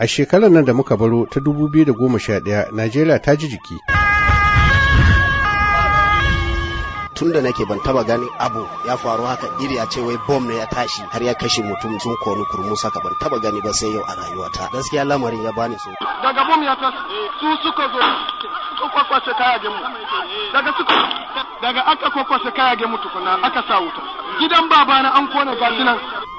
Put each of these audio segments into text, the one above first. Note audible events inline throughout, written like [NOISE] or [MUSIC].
A shekarar nan da muka baro ta 2011, Najeriya ta ji jiki. tun da nake ban taba gani abu ya faru haka iri a ce wai bom ne ya tashi har ya kashe mutum sun kori kurmu saka ban taba gani ba sai yau a rayuwata gaskiya lamarin ya bani so daga bom ya tashi su suka zo kwakwashe kaya mu daga suka daga aka kwakwashe kaya mu tukuna aka sa wuta gidan babana an kone gashi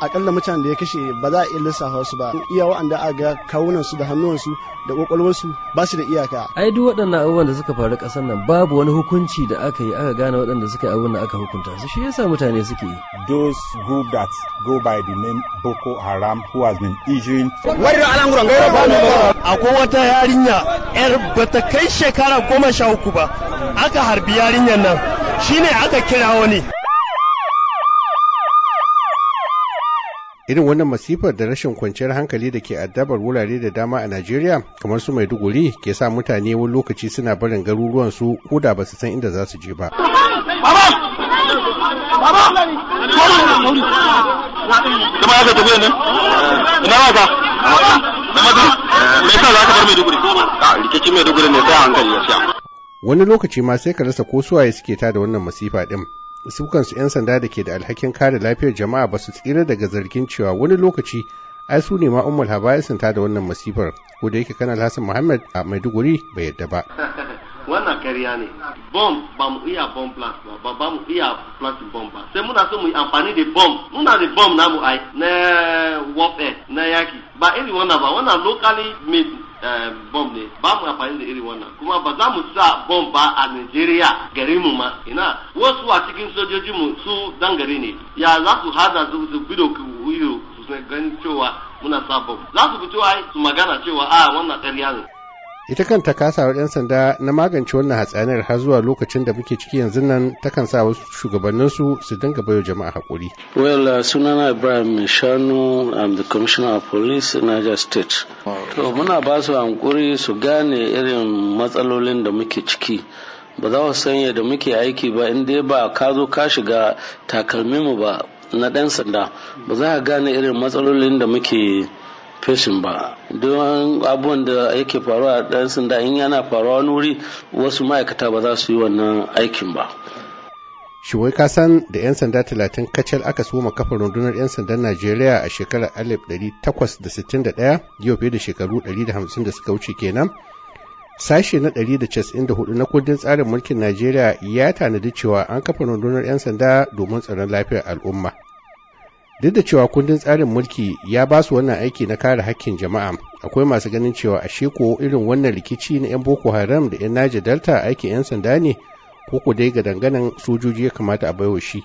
akalla mutan da ya kashe ba za a iya lissafa su ba iya wa'anda a ga kawunan su da hannuwansu da kwakwalwarsu ba su da iyaka ai duk waɗannan abubuwan da suka faru ƙasar nan babu wani hukunci da aka yi aka gane waɗanda suka yi abin da aka hukunta su shi yasa mutane suke yi those who that go by the name Boko Haram who has been injuring akwai wata yarinya yar bata kai shekara goma sha uku ba aka harbi yarinyar nan shine aka kira wani irin wannan masifar da rashin kwanciyar hankali da ke addabar wurare da dama a najeriya kamar su maiduguri ke sa mutane wani lokaci suna barin garuruwansu ko da ba su san inda za su je ba eh, Wani lokaci ma sai ka rasa ko suwaye suke da wannan masifa din. su 'yan sanda da ke da alhakin kare lafiyar jama'a ba su tsira daga zargin cewa wani lokaci ai su ne ma ummul habaisin ta da wannan masifar ko da yake kanal Hassan Muhammad a Maiduguri bai yadda ba [LAUGHS] wannan kariya ne bom ba mu iya bom plant ba ba mu iya plant bom ba sai muna so mu yi amfani da bom muna da bom mu ai na warfare na yaki ba irin wannan ba wannan locally made Eh, bom ne ba mu amfani da irin wannan kuma ba za mu sa bom ba a nigeria gari mu ma ina wasu a cikin sojoji mu su dan gari ne ya za su hada su su bido su gani cewa muna sa bom za su fito ai su magana cewa a ah, wannan ƙarya ne ita kanta kasawar 'yan sanda na magance wannan hatsaniyar har zuwa lokacin da muke ciki yanzu nan takan sa wasu shugabannin su su dinga bayo jama'a hakuri. well uh, sunana ibrahim shanu i'm the commissioner of police in niger state to muna ba su hankuri su gane irin matsalolin da muke ciki ba za su sanya da muke aiki ba in dai ba ka zo ka shiga mu ba na ɗan sanda ba za ka gane irin matsalolin da muke fashin ba don abubuwan da yake faruwa a ɗan sanda in yana faruwa wani wuri wasu ma'aikata ba za su yi wannan aikin ba Shiwai kasan da 'yan sanda talatin kacal aka soma kafa rundunar 'yan sandan Najeriya a shekarar 1861 yau fiye da shekaru 150 da suka wuce kenan. Sashe na 194 na kudin tsarin mulkin Najeriya ya tanadi cewa an kafa rundunar 'yan sanda domin tsaron lafiyar al'umma. duk da cewa kundin tsarin mulki ya ba su wannan aiki na kare hakkin jama'a akwai masu ganin cewa ashe ko irin wannan rikici na 'yan boko haram da 'yan naja delta aikin 'yan sanda ne ko ku dai ga danganan sojoji ya kamata a baiwa shi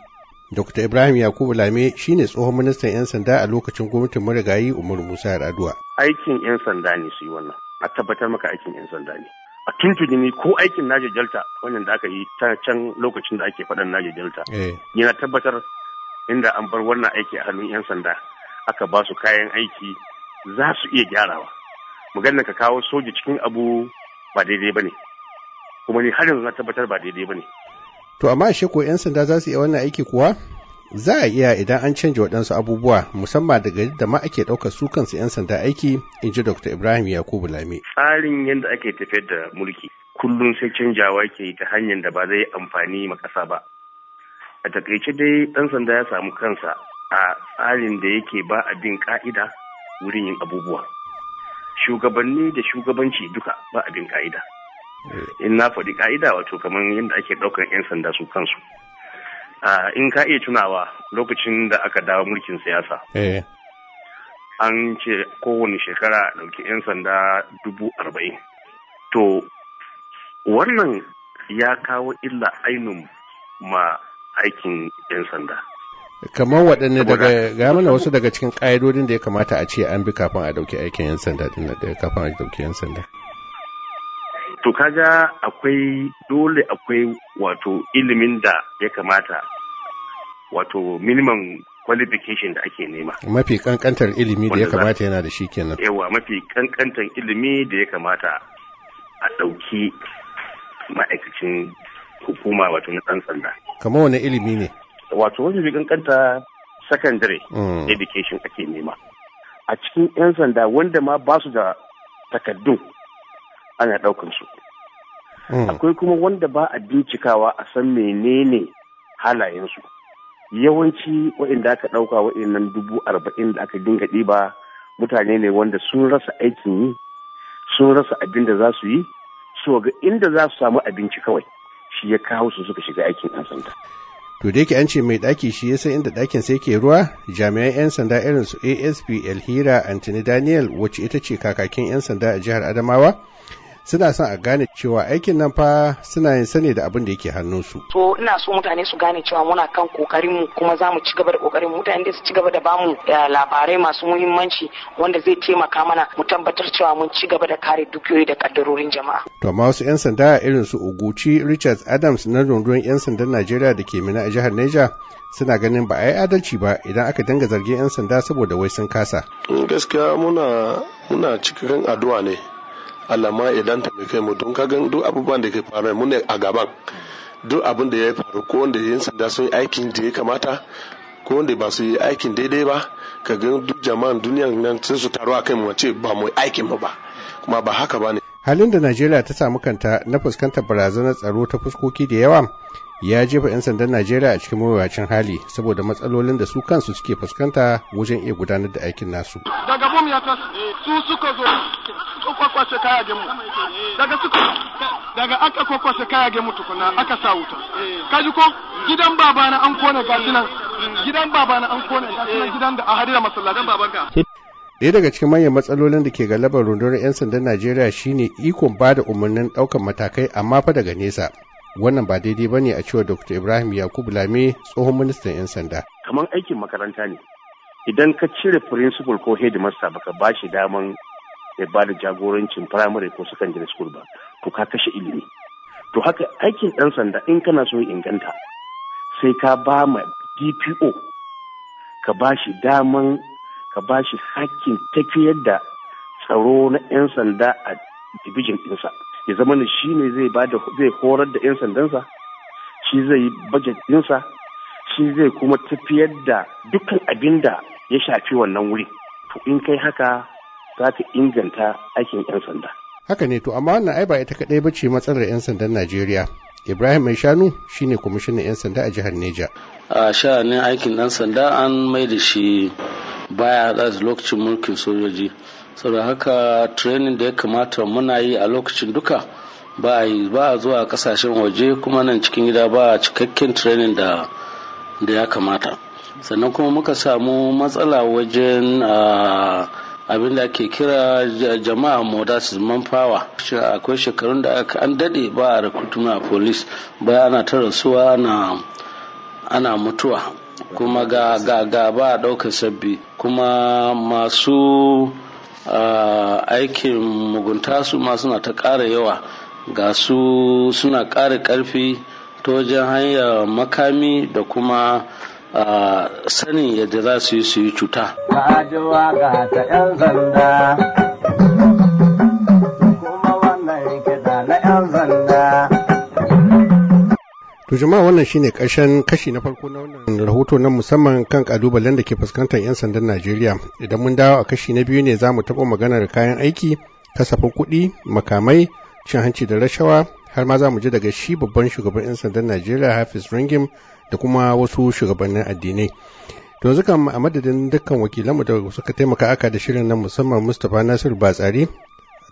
dr ibrahim yakubu lame shine tsohon ministan 'yan sanda a lokacin gwamnatin marigayi umar musa raduwa aikin 'yan sanda ne su yi wannan a tabbatar maka aikin 'yan sanda ne a tuntuni ne ko aikin Naja Delta wannan da aka yi ta can lokacin da ake faɗan Naja Delta eh. yana tabbatar inda an bar wannan aiki a hannun 'yan sanda aka ba su kayan aiki za su iya gyarawa maganar ka kawo soji cikin abu ba daidai ba ne kuma ni har yanzu na tabbatar ba daidai ba ne to amma shi ko 'yan sanda za su iya wannan aiki kuwa za a iya idan an canja waɗansu abubuwa musamman daga yadda ma ake ɗaukar su kansu 'yan sanda aiki in ji dr ibrahim yakubu lami tsarin yadda ake tafiyar da mulki kullum sai canjawa ke ta hanyar da ba zai amfani ma ƙasa ba a takaice dai ɗan sanda ya samu kansa a tsarin da yake ba a bin ka'ida wurin yin abubuwa shugabanni da shugabanci duka ba a bin ka'ida eh. in na faɗi ka'ida wato kamar yadda ake ɗaukar 'yan sanda su kansu in ka iya tunawa lokacin da aka dawo mulkin siyasa eh. an ce kowane shekara ɗauki 'yan sanda dubu arba'in to wannan ya kawo illa ainun ma aikin 'yan sanda. kamar waɗanne daga ga mana wasu daga cikin ƙa'idodin da ya kamata a ce an bi kafin a ɗauki aikin 'yan sanda din da eh, kafin a ɗauki 'yan sanda. To kaga akwai dole akwai wato ilimin da ya kamata wato minimum qualification da ake nema. Mafi kankantar ilimi da ya kamata yana da shi kenan. Yawa mafi kankantar ilimi da ya kamata a ɗauki ma'aikacin hukuma wato na ɗan sanda. kamar wani ilimi ne wato wani kankanta secondary hmm. education ake nema a cikin 'yan sanda wanda ma ba su da takaddun ana ɗaukan su hmm. akwai kuma wanda ba a bincikawa a san menene halayensu yawanci waɗanda aka ɗauka waɗannan dubu arba'in da aka dinga ɗiba mutane ne wanda sun rasa aikin yi sun rasa abin da za su yi su ga inda za su samu abinci kawai shi ya kawo su suka shiga aikin 'yan sanda. To da yake an ce mai ɗaki shi yasa inda ɗakin sai ke ruwa jami'an 'yan sanda irin su ASP Elhira Antony Daniel wacce ita ce kakakin 'yan sanda a jihar Adamawa suna son a gane cewa aikin nan fa suna yin sani da abin da yake hannun su To ina so mutane su gane cewa muna kan kokarin mu kuma za mu ci gaba da kokarin mutane da su ci gaba da bamu eh, labarai masu muhimmanci wanda zai taimaka mana mu tabbatar cewa mun ci gaba da kare dukiyoyi da kaddarorin jama'a. To amma wasu 'yan sanda irin su Oguchi Richard Adams na rundunar 'yan sandan Najeriya da ke mina a jihar Neja suna ganin ba a yi adalci ba idan aka dinga zargin 'yan sanda saboda wai sun kasa. Gaskiya muna muna cikakken addu'a ne alama idan ta mai kai mu don kagan duk abubuwan da ke faru mu ne a gaban duk abin da ya faru ko wanda yin sanda sun yi aikin da ya kamata ko wanda ba su yi aikin daidai ba ka ga duk jama'an duniyan nan sun su taru a kai mu ce ba mu aikin ba kuma ba haka ba ne. halin da najeriya ta samu kanta na fuskantar barazanar tsaro ta fuskoki da yawa ya jefa 'yan sandan najeriya a cikin mawuyacin hali saboda matsalolin da su kansu suke fuskanta wajen iya gudanar da aikin nasu daga ya su suka zo suka kwakwashe kayagen mu daga suka daga aka kwakwashe kayagen mu tukuna aka sa wuta kaji ko gidan baba na an kone gashi nan gidan na an kone gashi nan gidan da a hadira masallaci babanka Ɗaya daga cikin manyan matsalolin da ke ga labar rundunar 'yan sandan Najeriya shine ikon ba da umarnin ɗaukar matakai amma fa daga nesa. Wannan ba daidai ba ne a cewa Dr. Ibrahim Yakubu Lame tsohon ministan 'yan sanda. Kamar aikin makaranta ne, idan ka cire principal ko headmaster baka ba shi daman ya ba da jagorancin firamare ko secondary school ba to ka kashe ilimi to haka aikin ɗan sanda in kana so inganta sai ka ba ma dpo ka ba shi daman ka ba shi hakkin tafiyar da tsaro na 'yan sanda a division ɗinsa ya zama ne shi ne zai horar da 'yan sandansa shi zai yi bajet ɗinsa shi zai kuma tafiyar da dukkan abinda ya shafi wannan wuri to in kai haka za ta inganta aikin 'yan sanda. Haka ne to amma wannan ai ba ita kaɗai ba ce matsalar 'yan sandan Najeriya. Ibrahim Mai Shanu shi ne kwamishinan 'yan sanda a jihar Neja. A sha'anin aikin ɗan sanda an mai da shi baya haɗa lokacin mulkin sojoji. Saboda haka tirenin da ya kamata muna yi a lokacin duka ba a zuwa kasashen waje kuma nan cikin gida ba a cikakken tirenin da ya kamata. Sannan kuma muka samu matsala wajen a ah, abin da ake kira jama'a modas manpower akwai shekarun da aka an dade ba a rikutuna a police ba ana ta rasuwa ana mutuwa kuma ga ga ba a ɗaukar sabbi kuma masu aikin mugunta su ma suna ta ƙara yawa ga su suna ƙara ƙarfi ta wajen hanyar makami da kuma sanin yadda za su yi su yi cuta. Ka ji 'yan sanda. To jama'a wannan shine ƙarshen kashi na farko na wannan rahoto na musamman kan kalubalen da ke fuskantar 'yan sandan Najeriya. Idan mun dawo a kashi na biyu ne za mu taɓa maganar kayan aiki, kasafin kuɗi, makamai, cin hanci da rashawa har ma za mu ji daga shi babban shugaban 'yan sandan najeriya hafiz ringim da kuma wasu shugabannin addinai to yanzu kan a madadin dukkan wakilanmu da suka taimaka aka da shirin nan musamman mustapha nasiru batsari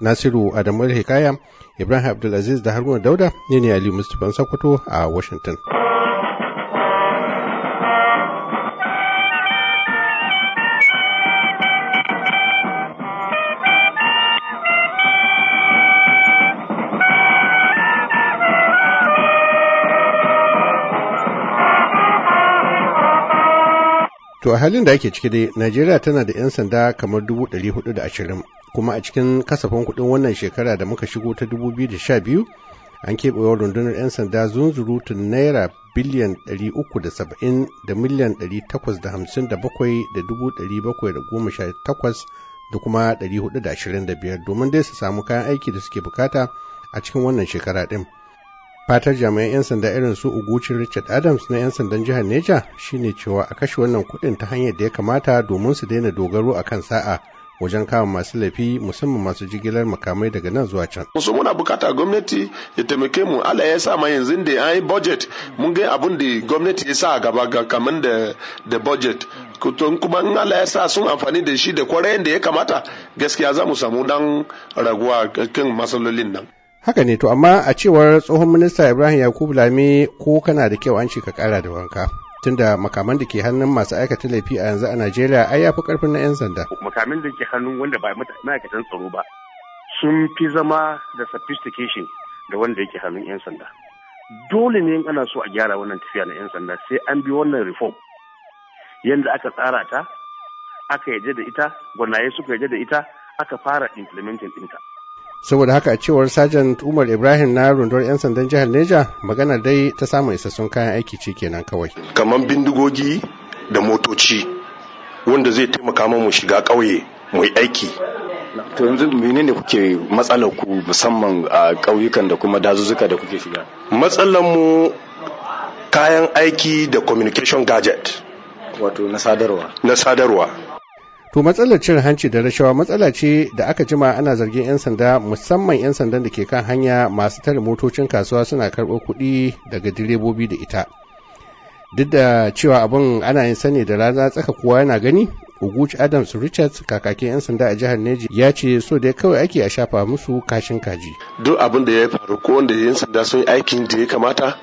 nasiru adamu hikaya ibrahim abdulaziz da haruna dauda ne ne ali mustapha sakwato a washington To a halin da ake ciki dai, Najeriya tana da 'yan sanda kamar 420 kuma a cikin kasafin kuɗin wannan shekara da muka shigo ta 2012 an wa rundunar 'yan sanda zunzurutun naira biliyan 370 da miliyan 857 da 718 da kuma 425 domin dai su samu kayan aiki da suke bukata a cikin wannan shekara ɗin. fatar jami'an 'yan sanda irin su ugucin richard adams na 'yan sandan jihar neja shine cewa a kashe wannan kudin ta hanyar da ya kamata domin su daina dogaro a kan sa'a wajen kama masu laifi musamman masu jigilar makamai daga nan zuwa can. Musu muna bukata gwamnati ya taimake mu Allah ya sa ma yanzu da an yi budget mun ga abun da gwamnati ya sa a gaba ga da da budget kuton kuma in Allah ya sa sun amfani da shi da kwarayen da ya kamata gaskiya za mu samu dan raguwa kan masalolin nan. Haka ne to amma a cewar tsohon minista Ibrahim Yakubu Lami ko kana da kyau an ce ka kara da wanka. tunda makaman da ke hannun masu aikata laifi a yanzu a Najeriya ai yafi karfin na 'yan sanda. Makamin da ke hannun wanda ba ma'aikatan tsaro ba sun fi zama da sophistication da wanda yake hannun 'yan sanda. Dole ne ana so a gyara wannan tafiya na 'yan sanda sai an bi wannan reform. yadda aka tsara ta, aka yarda da ita, gwanaye suka yarda da ita, aka fara implementing ɗinta. saboda haka a cewar sajan umar ibrahim na rundunar 'yan sandan jihar neja magana dai ta samun isassun kayan aiki ce kenan kawai kamar bindigogi da motoci wanda zai taimaka mu shiga ƙauye mai aiki to yanzu menene kuke matsalar ku musamman a ƙauyukan da kuma dazuzzuka da kuke shiga matsalar mu kayan aiki da communication gadget wato na sadarwa na sadarwa To matsalar cin hanci da rashawa matsala ce da aka jima ana zargin 'yan sanda musamman 'yan sandan da ke kan hanya masu tare motocin kasuwa suna karɓar kuɗi daga direbobi da ita. Duk da cewa abin ana yin sani da rana tsaka kowa yana gani, Uguch Adams Richards kakakin 'yan sanda a jihar Neji ya ce so da kawai ake a shafa musu kashin kaji. Duk abin da ya faru ko wanda 'yan sanda sun yi aikin da ya kamata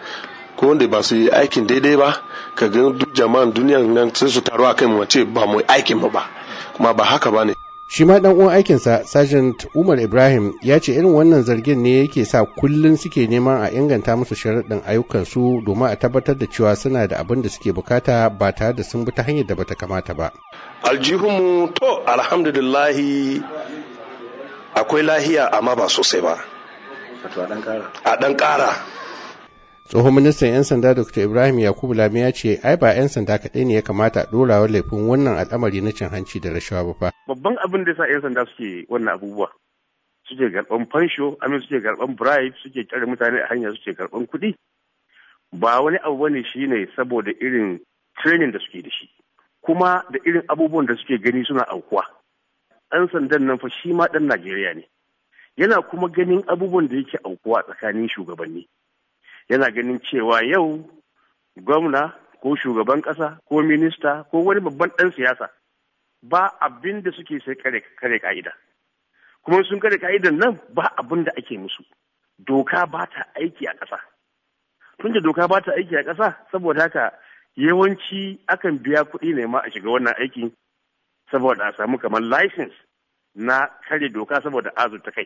ko wanda ba su yi aikin daidai ba ka ga duk jama'an duniyan nan sun su taru a kai mu ce ba mu aikin mu ba. kuma ba haka ba ne shi ma ɗan uwan aikinsa sergeant umar ibrahim ya ce irin wannan zargin ne yake sa kullum suke neman a inganta musu sharaɗin ayyukansu domin a tabbatar da cewa suna da abin da suke bukata ba tare da sun bi ta hanyar da bata kamata ba aljihunmu to alhamdulillahi akwai lahiya amma ba sosai ba a ɗan ƙara tsohon ministan 'yan sanda dr ibrahim yakubu lami ya ce ai ba 'yan sanda kaɗai ne ya kamata a ɗorawa laifin wannan al'amari na cin hanci da rashawa ba fa babban abin da sa 'yan sanda suke wannan abubuwa suke karɓan fansho amin suke karɓan bribe suke kyare mutane a hanya suke karɓan kuɗi ba wani abu bane shine saboda irin training da suke da shi kuma da irin abubuwan da suke gani suna aukuwa ɗan sandan nan fa shi ma ɗan najeriya ne yana kuma ganin abubuwan da yake aukuwa tsakanin shugabanni yana ganin cewa yau gwamna ko shugaban ƙasa ko minista ko wani babban ɗan siyasa ba abin da suke sai kare ka'ida kuma sun kare ka'idan nan ba abin da ake musu doka ba ta aiki a ƙasa tun da doka ba ta aiki a ƙasa saboda haka yawanci akan biya kuɗi ne ma a shiga wannan aiki saboda a samu kamar license na kare doka saboda ta kai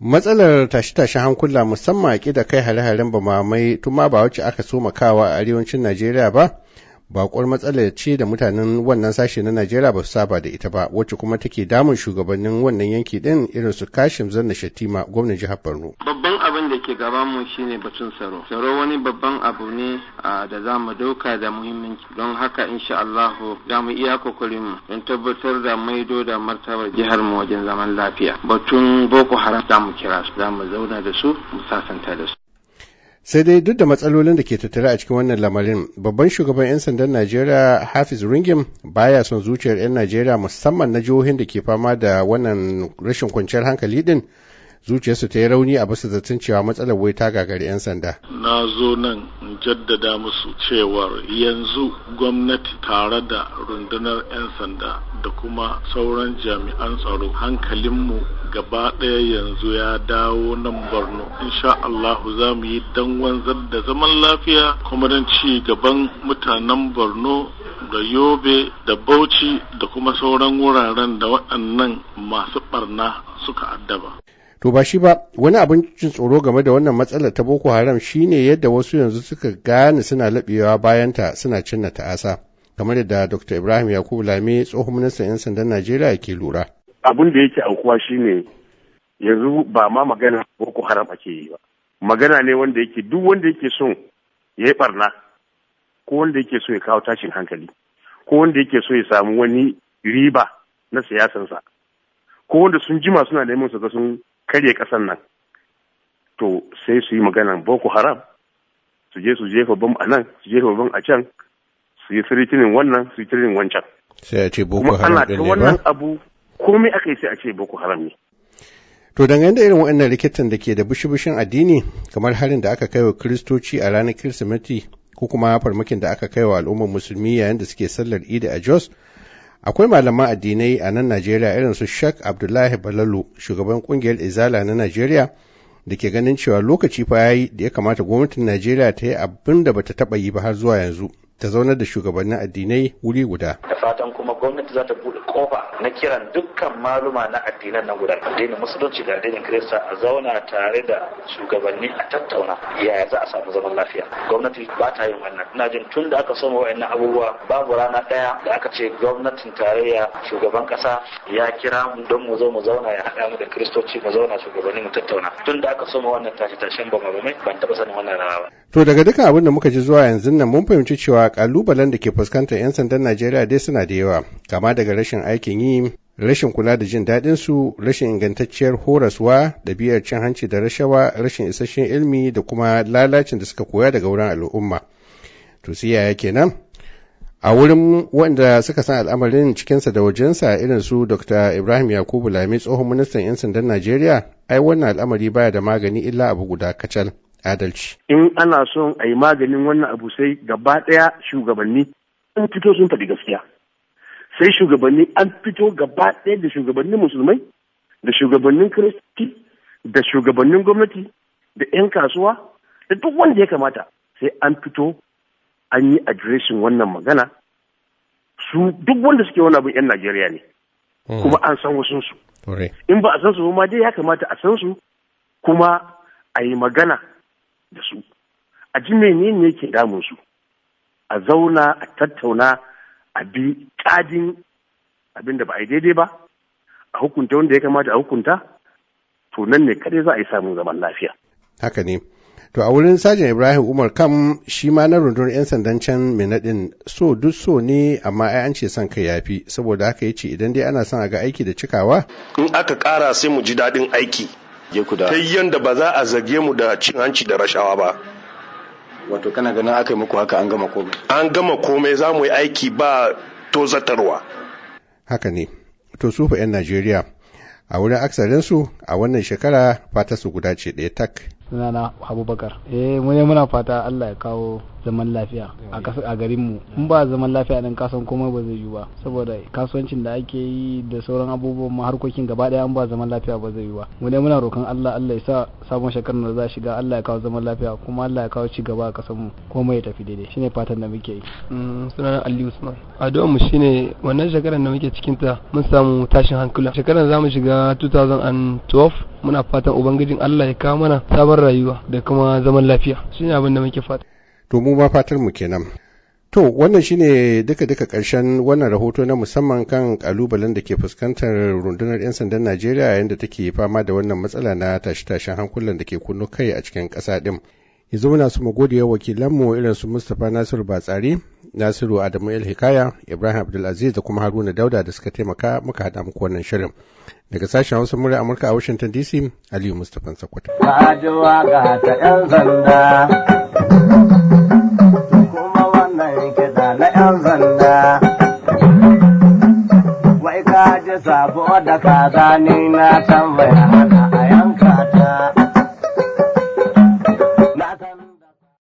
Matsalar tashe-tashen hankula musamman a da kai hare-haren bamamai tun ma ba wacce aka soma kawa a arewacin Najeriya ba, bakwar matsalar ce da mutanen wannan sashe na Najeriya ba su saba da ita ba wacce kuma take damun shugabannin wannan yanki din irin su Kashim Zanna Shatima gwamnan jihar Borno. Babban abin da ke gabanmu mu shine batun tsaro. Tsaro wani babban abu ne da za mu dauka da muhimmanci don haka insha allahu, za mu iya kokarin mu don tabbatar da maido da martabar jihar mu wajen zaman lafiya. Batun Boko Haram za mu kira su za mu zauna da su mu sasanta da su. sai dai duk da matsalolin da ke tattare a cikin wannan lamarin babban shugaban 'yan sandan najeriya hafiz ringim baya son zuciyar 'yan najeriya musamman na jihohin da ke fama da wannan rashin kwanciyar hankali din zuciyarsu ta yi rauni a basu zaton cewa matsalar wai ta gagari 'yan sanda. Na zo nan in jaddada musu cewar yanzu gwamnati tare da rundunar 'yan sanda da kuma sauran jami'an tsaro hankalinmu gaba ɗaya yanzu ya dawo nan Borno. Insha Allah za mu yi dan wanzar da zaman lafiya kuma don ci gaban mutanen Borno da Yobe da Bauchi da kuma sauran wuraren da waɗannan masu ɓarna suka addaba. To ba shi ba wani abin cin tsoro game da wannan matsalar ta Boko Haram shi ne yadda wasu yanzu suka gane suna laɓewa bayanta suna cinna ta'asa kamar yadda Dr. Ibrahim Yakubu Lame tsohon ministan 'yan sandan Najeriya ke lura. Abin da yake aukuwa shine yanzu ba ma magana Boko Haram ake yi ba. Magana ne wanda yake duk wanda yake son ya yi barna ko wanda yake so ya kawo tashin hankali ko wanda yake so ya samu wani riba na siyasansa ko wanda sun jima suna neman su ga sun karya kasan nan to sai su yi magana boko haram su je su jefa bam a nan su jefa bam a can su yi siritinin wannan su yi siritinin wancan sai a ce boko haram ne ba wannan abu komai aka yi sai a ce boko haram ne To dangane da irin wannan rikitan da ke da bushi-bushin addini kamar harin da aka kai wa Kiristoci a ranar Kirsimeti ko kuma farmakin da aka kai wa al'ummar musulmi yayin da suke sallar Idi a Jos akwai malaman addinai a nan najeriya irin su sheikh abdullahi balalu shugaban kungiyar izala na najeriya da ke ganin cewa lokaci fa yayi da ya kamata gwamnatin najeriya ta yi abin da bata taba yi ba har zuwa yanzu ta zaunar da shugabannin addinai wuri guda. Da fatan kuma gwamnati za ta buɗe kofa na kiran dukkan maluma na addinan nan guda. Addinin Musulunci da addinin Kirista a zauna tare da shugabanni a tattauna yaya za a samu zaman lafiya. Gwamnati ba ta yin wannan. Ina jin tun da aka soma wa'annan abubuwa babu rana ɗaya da aka ce gwamnatin tarayya shugaban ƙasa ya kira mu don mu zo mu zauna ya haɗa mu da Kiristoci mu zauna shugabanni mu tattauna. Tun da aka soma wannan tashi tashen ba ban taɓa sanin wannan rana ba. To daga duka abin da muka ji zuwa yanzu nan mun fahimci cewa kalubalen da ke fuskantar 'yan sandan Najeriya dai suna da yawa, kama daga rashin aikin yi, rashin kula da jin daɗin rashin ingantacciyar horaswa, ɗabi'ar cin hanci da rashawa, rashin isasshen ilmi da kuma lalacin da suka koya daga wurin al'umma. To yaya kenan? A wurin wanda suka san al'amarin cikinsa da wajensa irin su Dr. Ibrahim Yakubu Lami tsohon ministan 'yan sandan Najeriya, ai wannan al'amari baya da magani illa abu guda kacal. adalci in ana son a yi maganin wannan abu sai gaba ɗaya shugabanni an fito sun faɗi gaskiya sai shugabanni an fito gaba ɗaya da shugabannin musulmai da shugabannin kiristi da shugabannin gwamnati da 'yan kasuwa da duk wanda ya kamata sai an fito an yi adireshin wannan magana su duk wanda suke wani abin 'yan najeriya ne hmm. kuma an san wasu su in ba a san su ma dai ya kamata a san su kuma a yi magana da su a ji menene yake damun su a zauna a tattauna a bi kadin abin da ba a yi daidai ba a hukunta wanda ya kamata a hukunta to nan ne kare za a yi samun zaman lafiya haka ne to a wurin Sajan ibrahim umar kam shi ma na rundunar 'yan sandan can mai naɗin so duk so ne amma ai an ce son kai yafi saboda haka ya ce idan dai ana son a ga aiki da cikawa in aka kara sai mu ji daɗin aiki ta yadda ba za a zage mu da cin hanci da rashawa ba wato kana ganin aka yi muku haka an gama komai an gama komai za mu yi aiki ba tozatarwa haka ne to su 'yan najeriya a wurin aksarinsu a wannan shekara fata su guda ce ɗaya tak sunana abubakar eh mu muna fata allah ya kawo zaman lafiya a garin mu in ba zaman lafiya din kasan komai ba zai yi ba saboda kasuwancin da ake yi da sauran abubuwan ma harkokin gaba daya in ba zaman lafiya ba zai yi ba mu ne muna roƙon Allah Allah ya sa sabon shekarar da za shiga Allah ya kawo zaman lafiya kuma Allah ya kawo ci gaba a kasan mu komai ya tafi daidai shine fatan da muke yi mm, sunan Ali Usman addu'ar mu shine wannan shekarar da muke cikin ta mun samu tashin hankula shekarar za mu shiga 2012 muna fatan ubangijin Allah ya kawo mana sabon rayuwa da kuma zaman lafiya shine abin da muke fata to mu ma fatar mu kenan to wannan shine duka duka ƙarshen wannan rahoto na musamman kan kalubalen da ke fuskantar rundunar 'yan sandan najeriya yayin da take fama da wannan matsala na tashe-tashen hankulan da ke kunno kai a cikin ƙasa ɗin yanzu muna su mu gode wakilanmu irin su mustapha nasiru batsari nasiru adamu el hikaya ibrahim abdulaziz da kuma haruna dauda da suka taimaka muka haɗa muku wannan shirin daga sashen hausa murya amurka a washington dc aliyu mustapha sakwato ga ta 'yan sanda na 'yan zanda. Wai ka ji sabo da kaza ni na tambaya